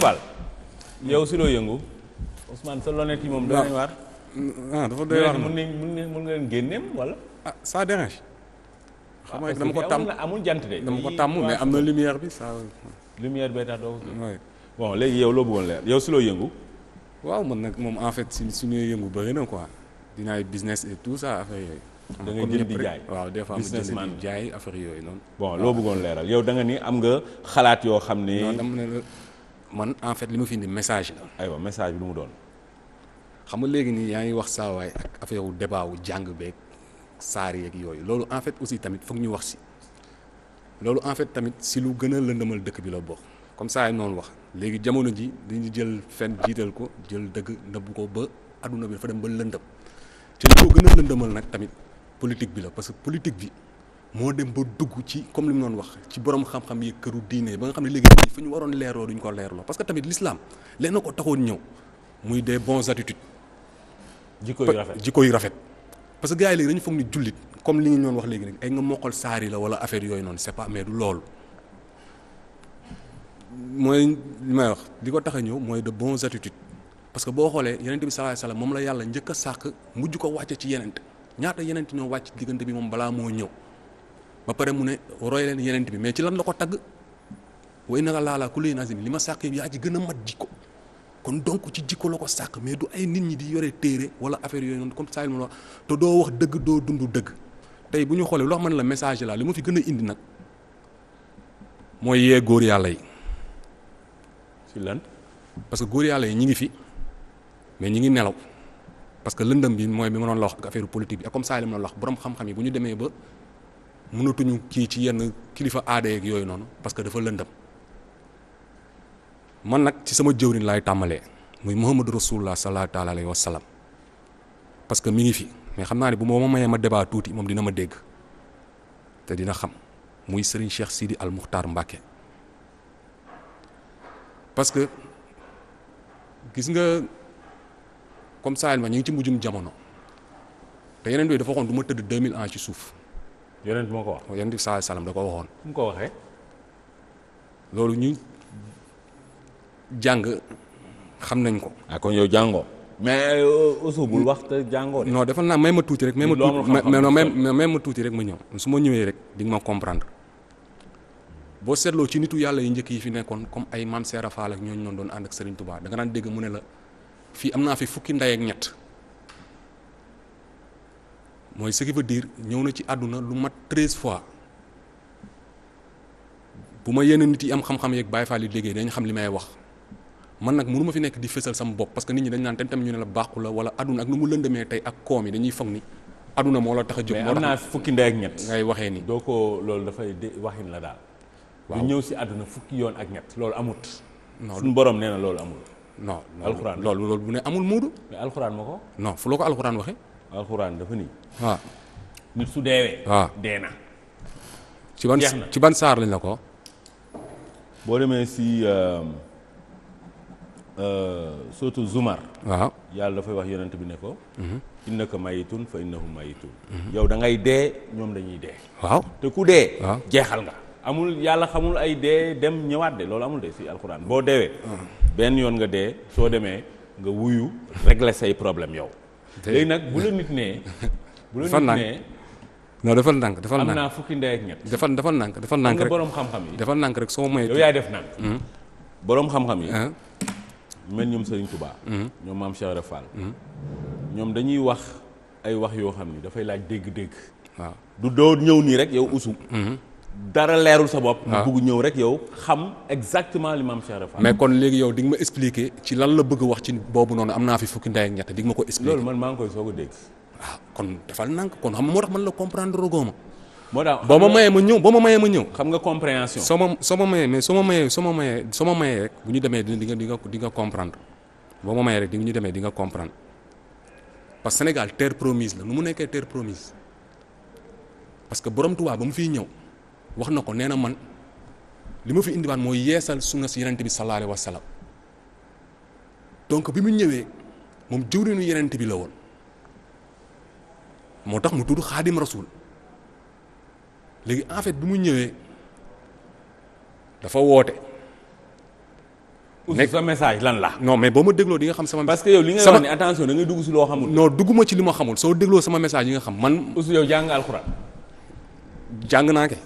Fall yow si loo sa lonet yi moom. waaw dafa waar. Ah, ah dafa doy ah, xam nga ah, dama ko tàmm amul jant de. ko tàmm mais am na lumière bi ça. lumière bee tax doo ko. bon léegi yow yow si loo yëngu. waaw man nag moom en fait si suñuy yëngu bëri na quoi dinaay business et tout ça affaire yooyu. da yooyu noonu. bon loo bëggoon leeral yow da nga ni am nga xalaat yoo xam ne man en fait li ma fi indi message la. aywa message bi mu doon. xam nga léegi nii yaa ngi wax saa waay ak affaire wu débat jàng beeg saar yeeg yooyu loolu en fait aussi tamit foog ñu wax si loolu en fait tamit si lu gën a lëndëmal dëkk bi la bokk comme saa yi noonu wax léegi jamono ji dañu jël fen jiital ko jël dëgg nëbb ko ba aduna bi dafa dem ba lëndëm te li ko gën a lëndëmal nag tamit politique bi la parce que politique bi. moo dem ba dugg ci comme li mu doon wax ci borom xam-xam yi këru diine ba nga xam ne léegi nii fu ñu waroon leeroo duñ ko leerloo parce que tamit l'islam leen na ko taxoon ñëw muy des bons attitudes. jikko yu rafet jikko yu rafet. parce que gars yi léegi dañu foog ni jullit comme li ñu doon wax léegi nag ay nga mokkal saari la wala affaire yooyu noonu c'est pas mais du loolu mooy li may wax li ko tax a ñëw mooy de bons attitudes parce que boo xoolee yenente bi sallallahu alayhi wasallam moom la yàlla njëkk a sàkk mujj ko wàcce ci yenente ñaata yenente wàcc diggante bi moom balaa moo ñëw. ba pare mu ne roy leen yeneen bi mais ci lan la ko tagg way naka laalaa ku lay naasi li ma sàkk yaa ci gën a mat jikko kon donc ci jikko la ko sàkk mais du ay nit ñi di yore téere wala affaire yooyu comme saa yu wax te doo wax dëgg doo dund dëgg tey bu ñu xoolee loo xam la message la li ma fi gën indi nag mooy góor yàlla yi si lan parce que góor yàlla yi ñi ngi fi mais ñi ngi nelaw parce que lëndëm bi mooy bi ma doon la wax ak affaire politique bi ak comme saa yu ma la wax borom xam-xam yi bu ñu demee ba. mënatuñu kii ci yenn kilifa aada yeeg yooyu noonu parce que dafa lëndëm man nag ci sama jëwriñ laay tàmbalee muy Muhammadu Rasulullah sallallahu alayhi wa sallam parce que mi ngi fi mais xam naa ne bu ma mayee ma débat tuuti moom dina ma dégg te dina xam muy Serigne Cheikh Sidi Al Mukhtar Mbacké parce que gis nga comme Sahel ma ñu ngi ci mujjum jamono te yeneen yooyu dafa waxoon du ma tëdd 2000 ans ci suuf. yonent moo ko wax. Oh, yonent bi sallallahu alayhi da ko waxoon. mu ko waxee. loolu ñu jàng xam nañ ko. Ah, kon yow jàngoo. mais euh, aussi bul wax te jàngoo de. non dafa naa may ma tuuti rek. may ma tuuti may ma tuuti rek ma ñëw. su ma ñëwee rek di nga ma comprendre boo seetloo ci nitu yàlla yu njëkk yi fi nekkoon comme ay Maam Seera Faal ak ñooñu doon ànd ak Serigne Touba da nga daan dégg mu ne la fi am naa fi fukki ndey ak ñett. mooy ce qui veut dire ñëw na ci àdduna lu mat treize fois bu ma yenn nit yi am xam-xam yeeg Baay Faal yi déggee dañ xam li may wax man nag mënu ma fi nekk di fësal sama bopp parce que nit ñi dañ naan tam tam ñu ne la baaxu la wala àdduna ak nu mu lëndamee tey ak koom yi dañuy foog ni àdduna moo la tax a jóg. moo tax fukki ndey ak ñett ngay waxee nii. doo ko loolu dafay waxin la daal. waaw du si àdduna fukki yoon ak ñett loolu amut. non suñu borom nee na loolu amul. non alxuraan loolu loolu bu ne amul muudu. mais alxuraan moo ko. non fu loo ko alxuraan waxee. alxuraan dafa nii. waaw nit su deewee. waaw dee na. ci ban ci ban saar la ko. boo demee si euh, euh, surtout Zumar. waaw yàlla dafay wax yonent bi ne ko. Mhm. innaka mayitun fa innahum mayitun. Mhm. yow da ngay dee ñoom dañuy dee. waaw te ku dee. jeexal nga. amul yàlla xamul ay dee dem ñëwaat de loolu amul de si alxuraan boo deewee. Ah. benn yoon nga dee soo demee nga wuyu régler say problème yow. léegi nag bu la nit nee. bu la nit nee non defal ndànk defal ndànk am naa fukki ndey ak ñett. defal defal ndànk defal ndànk rek borom xam yi defal ndànk rek soo may. yow yaay def ndànk. Hmm. borom xam-xam yi. Ah. mel ñoom Serigne Touba. Hmm. ñoom maam Cheikh Ibra hmm. ñoom dañuy wax ay wax yoo xam ni dafay laaj dégg-dégg. waaw du doo ñëw nii rek yow usu. dara leerul sa bopp. nga ah. bëgg ñëw rek yow xam exactement li maam Cheikh Fall. mais kon léegi yow di nga ma expliquer ci lan la bëgg wax ci boobu noonu am naa fi fukki ndey ak ñett di ma ko expliquer. loolu man maa ngi koy soog a ah, kon defal nank kon xam nga moo tax man la comprendre rogoo ma. moo boo ma mayee ma ñëw boo ma mayee ma ñëw. xam nga compréhension. soo ma soo ma mayee mais soo ma mayee soo ma mayee soo ma mayee rek bu ñu demee di nga di nga di nga comprendre boo ma mayee rek di ñu demee di nga comprendre parce que Sénégal terre promise la nu mu nekkee terre promise parce que borom Tuubaa ba mu fiy ñëw wax na ko nee na man li ma fi indiwaat mooy yeesal sunna si yenente bi sallallahu alayhi wa sallam donc bi mu ñëwee moom jëwriñu yenente bi la woon moo tax mu tudd xaadim rasul léegi en fait bi mu ñëwee dafa woote. nekk sa message lan la. non mais boo ma dégloo di xam sama. parce que yow li nga wax ni attention da ngay dugg si loo xamul. non dugguma ci li ma xamul soo dégloo sama message yi nga xam man. Ousseynou yow jàng alxuraan. jàng naa kay.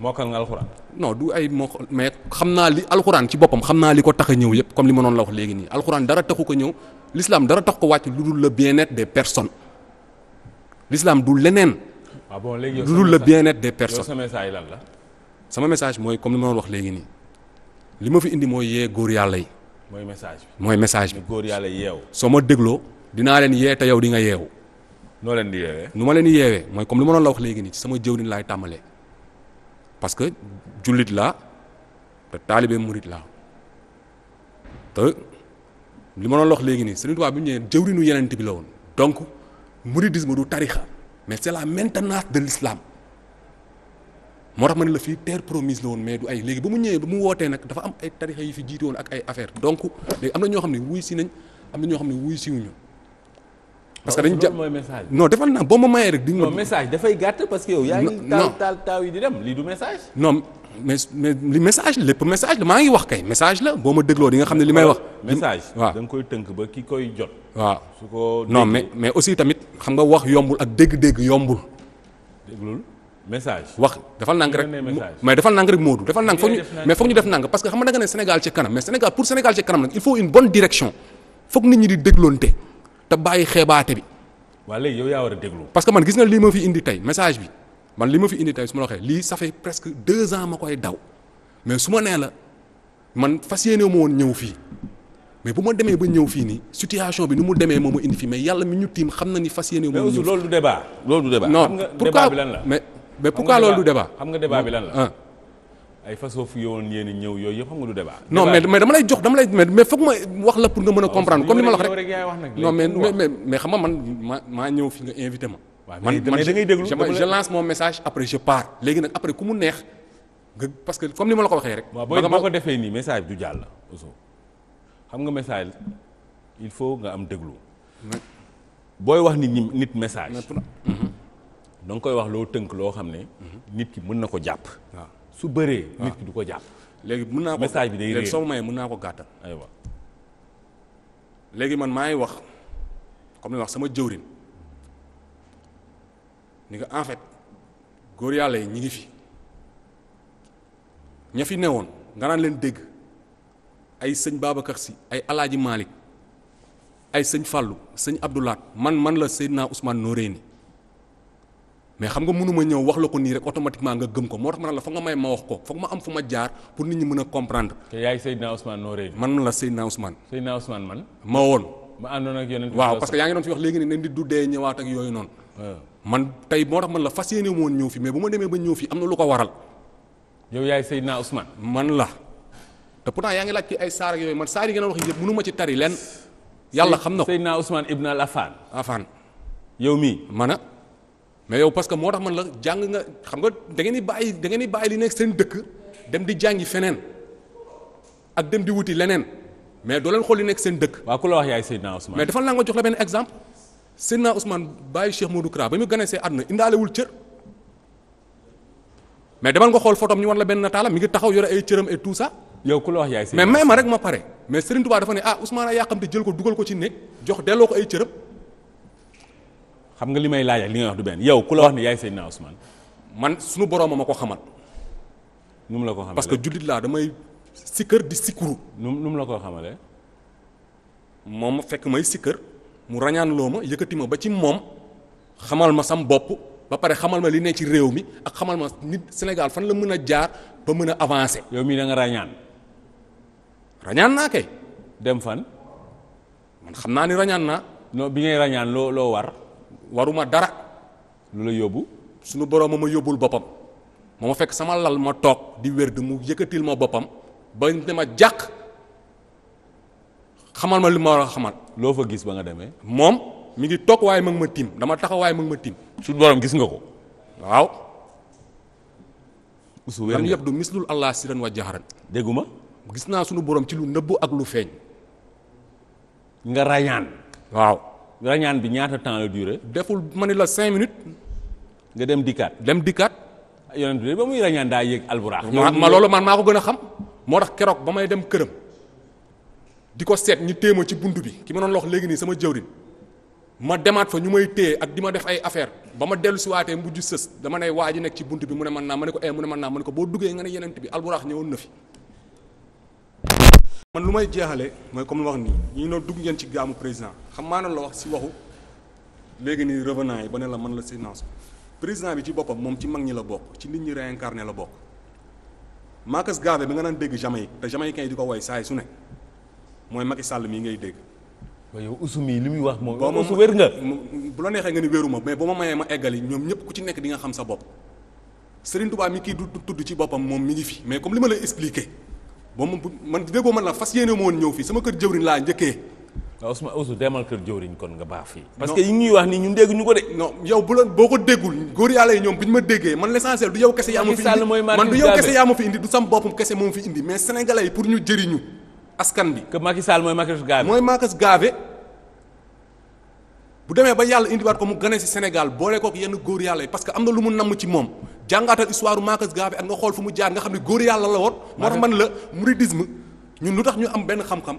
mokkal nga alxuraan. non du ay moo mais xam naa li alxuraan ci boppam xam naa li ko tax a ñëw yëpp comme li ma noonu la wax léegi nii alxuraan dara taxu ko ñëw l'islam dara tax ko wàcc lu dul la bien-être des personnes l'islam du leneen. Ah bon léegi lu dul le bien-être des personnes sa message lan la. sama message mooy comme li ma doon wax léegi nii li ma fi indi mooy yee góor yàlla yi. mooy message mooy message bi. góor yàlla yeewu. soo ma dégloo dinaa leen yee te yow di nga yeewu. noo leen di yeewee. nu ma leen yeewee mooy comme li ma doon la wax léegi nii ci sama jëwriñ laay tàmbalee parce que jullit laa te taalibe murit laa te li ma doon wax léegi nii Sëriñ Tuubaa bi mu ñëwee jëwriñu yenent bi la woon donc muridisme du tarixa mais c'est la maintenance de l'islam moo tax ma ne la fii terre promise la woon mais du ay léegi ba mu ñëwee ba mu wootee nag dafa am ay tarixa yi fi jiite woon ak ay affaire donc léegi am na ñoo xam ne wuy si nañ am na ñoo xam ne wuy siwuñu parce que dañu jàpp non defal naa boo ma mayee rek. di nga message dafay gàtt parce que yow. yaa ngi taal taal taaw yi di dem lii du message. non mais mais li message lépp message la maa ngi wax kay message la boo ma dégloo di nga xam ne li may wax. message waaw da nga koy tënk ba ki koy jot. waaw su ko non mais mais aussi tamit xam nga wax yombul ak dégg-dégg yombul. déglul message. wax defal nang rek mais defal nang rek Modou defal nang foog ñu mais foog ñu def nang parce que xam nga da nga ne Sénégal ci kanam mais Sénégal pour Sénégal ci kanam nag il faut une bonne direction foog nit ñi di dégloonte te bàyyi xeebaate bi. waaw léegi yow yaa war a déglu. parce que man gis na lii ma fi indi tey message bi man li ma fi indi tey su ma la waxee lii ça presque deux ans ma koy daw mais su ma nee la man fas yéene ma woon ñëw fii mais bu ma demee ba ñëw fii nii situation bi ni mu demee moo ma indi fii mais yàlla mi ñu tiim xam na ni fas yéene. ma woon ñëw loolu du débat. loolu du débat non pourquoi mais loolu du débat. xam nga débat bi lan la ah. ay façon fu yowoon yéen ñëw yooyu yëpp xam nga du débat. non mais mais dama lay jox dama lay mais foog ma wax la pour nga mën a comprendre comme li ma la wax rek non mais xam nga man maa ñëw fi nga invité ma. man man je lance mon message après je pars. léegi nag après ku mu neex parce que comme ni ma la ko waxee rek. waaw boo ko defee nii message du jàll. xam nga message il faut nga am déglu. booy wax nit ñi nit message. na mhm. nga koy wax loo tënk loo xam ne. Mhm. nit ki mën na ko jàpp su bëree. nit ah. ki du ko jàpp. léegi mun naa ko message bi day réer léegi soo mayee mën naa ko gàttal. aywa léegi man maa ngi wax comme ni wax sama jëwrin ni nga en fait góor yàlla yi ñi ngi fi ña fi ne woon nga naan leen dégg ay sëñ Babacar ay alaaji Malick ay sëñ Fallou sëñ Abdoulaat man man la Seydina Ousmane Noreyni. mais xam nga mënuma ñëw wax la ko nii rek automatiquement nga gëm ko moo tax ma ne la foog nga may ma wax ko foog ma am fu ma jaar pour nit ñi mën a comprendre. te yaay man la Seydina Ousmane. man. parce que yaa ngi doon fi wax léegi ne nañ di duddee ñëwaat ak yooyu man tey moo tax man la fas yéene woon ñëw fi mais bu ma demee ba ñëw fi am na lu ko waral. yow yaay Seydina Ousmane. man la te pourtant yaa ngi laaj ci ay saar ak yooyu man saar yi ngeen wax yëpp mënu ma ci tari leen. yàlla xam na ko Seydina Ousmane Ibn Al Afan. Afan yow mii mana mais yow parce que moo tax ma la jàng nga xam nga da ngeen di bàyyi da ngeen bàyyi li nekk seen dëkk dem di jàngi feneen ak dem di wuti leneen mais doo leen xool li nekk seen dëkk. waaw ku la wax yaay Seydina Ousmane. mais dafa laa nga jox la benn exemple Seydina Ousmane bàyyi ba mu gane see àdduna indaalewul cër mais demal nga xool photom ñu war la benn nataalam mi ngi taxaw yore ay cëram et tout ça. yow ku la wax yaay Seydina mais may ma rek ma pare mais Serigne Touba dafa ne ah Ousmane jël ko dugal ko ci néeg jox delloo ko ay cëram. xam nga li may laaj ak li nga wax du benn yow ku la wax ne yaay naa Ousmane man suñu boroom ma ko xamal. nu mu la ko xamalee parce que jullit laa damay sikkër di sikkuru. nu mu la koo xamale moom fekk may sikkër mu rañaan loo ma yëkkati ma ba ci moom xamal ma sam bopp ba pare xamal ma li ne ci réew mi ak xamal ma nit Sénégal fan la mën a jaar ba mën a avancer. yow mii da ràññaan rañaan. naa kay. dem fan. man xam naa ni rañaan naa. non bi ngay rañaan war. waruma dara lu la yóbbu sunu borom ma ma yóbbul boppam ma ma fekk sama lal ma toog di wér di mu yëkkatil ma boppam ba ne ma jàq xamal ma li ma war a loo fa gis ba nga demee. moom mi ngi toog waaye ma ma tiim dama taxaw waaye ma ngi ma tiim. suñu borom gis nga ko. waaw. su wér yëpp du mislul allah siran wa jaharan. déggu ma. gis naa sunu borom ci lu nëbb ak lu feeñ. nga ràññaan. waaw. rañaan bi ñaata temps la durée. deful ma ni la cinq minutes. nga dem dikkaat. dem dikkaat. yonent bi ba muy rañaan daa yéeg alburaax. ma loolu man maa ko gën a xam. moo tax keroog ba may dem këram. di ko seet ñu téema ci bunt bi ki ma doon wax léegi nii sama jëwrin ma demaat fa ñu may téye ak di ma def ay affaire ba ma dellu si waatee mujj sës dama ne waa nekk ci bunt bi mu ne mën naa ma ne ko eh mu ne mën naa ma ne ko boo duggee nga ne yenent bi alburax ñëwoon na fi man lu may jeexale mooy comme lu wax nii ñu noo dugg ngeen ci gaamu président xam maa la wax si waxu léegi nii revenant yi ba ne la man la silence président bi ci boppam moom ci mag ñi la bokk ci nit ñi réincarné la bokk Marcus Garvey bi nga naan dégg yi te Jamaïcain yi di ko woy saa su ne mooy Macky Sall mii ngay dégg. waaye yow usum yi li muy wax moom. boo usu wér nga. bu la neexee nga ni wéeru ma mais bu ma mayee ma eggali ñoom ñëpp ku ci nekk di nga xam sa bopp Serigne Touba mi kii du tudd ci boppam moom mi ngi fi mais comme li ma lay expliqué. ba mu man déggoo man la fas yéene ma ñëw fii sama kër jëwriñ laa njëkkee. waaw Ousmane demal kër jëwriñ kon nga baax fii. parce que yi ñuy wax nii ñun dégg ñu ko de. non yow bu la boo ko déggul góor yàlla yi ñoom bu ñu ma déggee man l'essentiel du yow kese yaa ma fi indi man du yow kese yaa ma fi indi du sam boppam kese moom fi indi mais sénégalais yi pour ñu jëriñu askan bi. que Macky mooy Marcus Garvey mooy Marcus Garvey bu demee ba yàlla indiwaat ko mu gane ci Sénégal boole kook yenn góor yàlla yi parce am na lu mu namm ci moom jàngaatal histoire Marcus Garvey ak nga xool fu mu jaar nga xam ne góor yàlla la woon moo tax man la mouridisme ñun lu tax ñu am benn xam-xam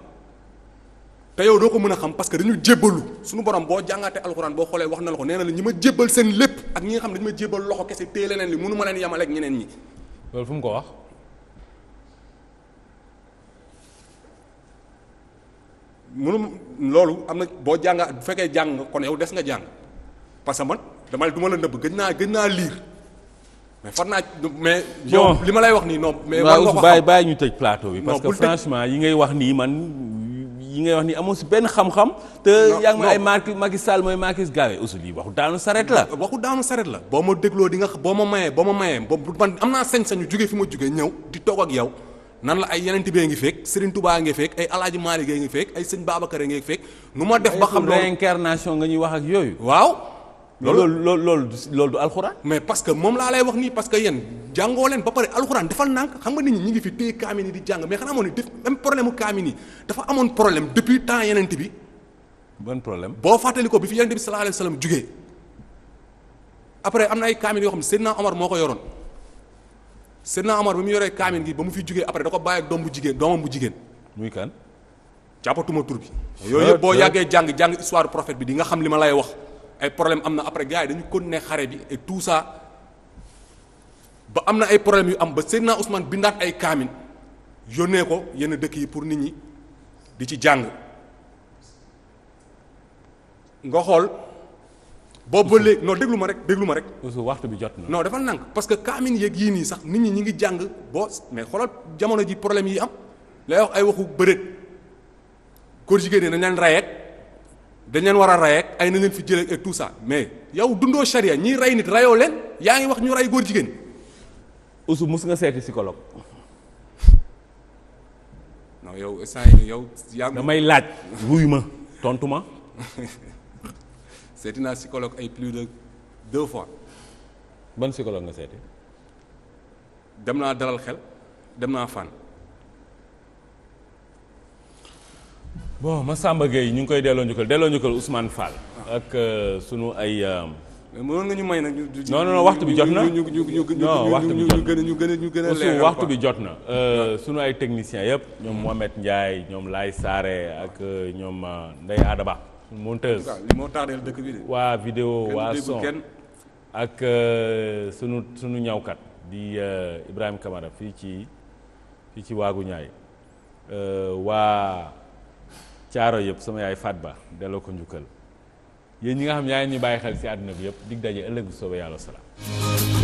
te yow doo ko mën a xam parce que dañu jébbalu suñu borom boo jàngaatee alxuraan boo xoolee wax na la ko nee na la ñi ma jébbal seen lépp ak ñi nga xam ne dañu ma jébbal loxo kese téye leneen li mënu ma leen yemale ak ñeneen ñi loolu mu ko wax mënum loolu am na boo jànga bu fekkee jàng kon yow des nga jàng parce que man dama duma ma la nëbb gën naa gën naa liir mais far naa mais. yow li ma lay wax nii non. mais war nga ko bàyyi ñu tëj plateau bi. parce que franchement yi ngay wax nii man yi ngay wax nii amoo si benn xam-xam. te yaa ngi ma ay Macky Macky saal mooy Macky Gawe aussi lii waxu daanu saret la. waxu daanu saret la. boo ma dégloo di nga boo ma mayee boo ma mayee ba ma am naa sañ-sañu jugee fi ma jugee ñëw di toog ak yow. nan la ay yeneen bee ngi fekk Serigne Touba ngi fekk ay Alaaji Maalik ngi fekk ay sëñ Babacar ngi fekk nu ma def ba xam loolu nga ñuy wax ak yooyu waaw loolu loolu loolu loolu du alxuraan mais parce que moom laa lay wax nii parce que yéen jàngoo leen ba pare alxuraan defal nànk xam nga nit ñi ñu ngi fi téye kaamil di jàng mais xanaa amoon def même problème mu kaamil yi dafa amoon problème depuis temps yeneen bi ban problème boo fàttali ko bi fi yeneen bi sallallahu alayhi wa jugee après am na ay kaamil yoo xam ne Seydina Omar moo ko yoroon Seydina Omar bi mu yoree kaamin gi ba mu fi jugee après da ko bàyyi ak doom bu jigéen doomam bu jigéen. muy kan. jàppatuma tur bi. yooyu yëpp boo yàggee jàng jàng histoire profet bi di nga xam li ma lay wax. ay problème am na après gars yi dañu continuer xare bi et tout ça ba am na ay problème yu am ba Seydina Ousmane bindaat ay kaamin yónnee ko yenn dëkk yi pour nit ñi di ci jàng nga xool. boobu ba léegi non déglu ma rek déglu ma rek. waxtu bi jot na. non dafa nànk parce que kaamin yeeg yii nii sax nit ñi ñu ngi jàng boo mais xoolal jamono ji problème yi am lay wax ay waxu bëreet góor jigéen ñi dañ leen rayeek dañ war a rayeek ay nañ leen fi jëlee ak tout ça mais yow dundoo charia ñi rey nit rayoo leen yaa ngi wax ñu ray góor jigéen. Ousou mus nga seeti psychologue. non yow saa yow. yaa damay laaj wuyu ma tontu ma. seeti naa psychologue ay plus de deux fois. ban psychologue nga seeti. dem naa dalal xel dem naa fan. bon Massamba Gueye ñu ngi koy delloo njukkal delloo njukkal Ousmane Fall. ak euh, sunu ay. Euh, mënoon nga ñu may nag. non non waxtu bi jot na ñu ñu ñu gën ñu gën a leer waxtu bi jot na. Euh, ah. sunu ay techniciens yëpp. ñoom Mohamed Ndiaye ñoom laay Saare ak ñoom Ndeye Adaba. monteuse li moo tardeel dëkk bi waa vidéo waa son ak euh, sunu sunu ñawkat di euh, ibrahim Kamara fii ci fii ci waagu ñaay euh, waa caaro yëpp sama yaay Faat Ba delloo ko njukkal yéen ñi nga xam yaa ngi bàyyi xel si àdduna bi yëpp dig daje ëllëg bu soobee yàlla salaam.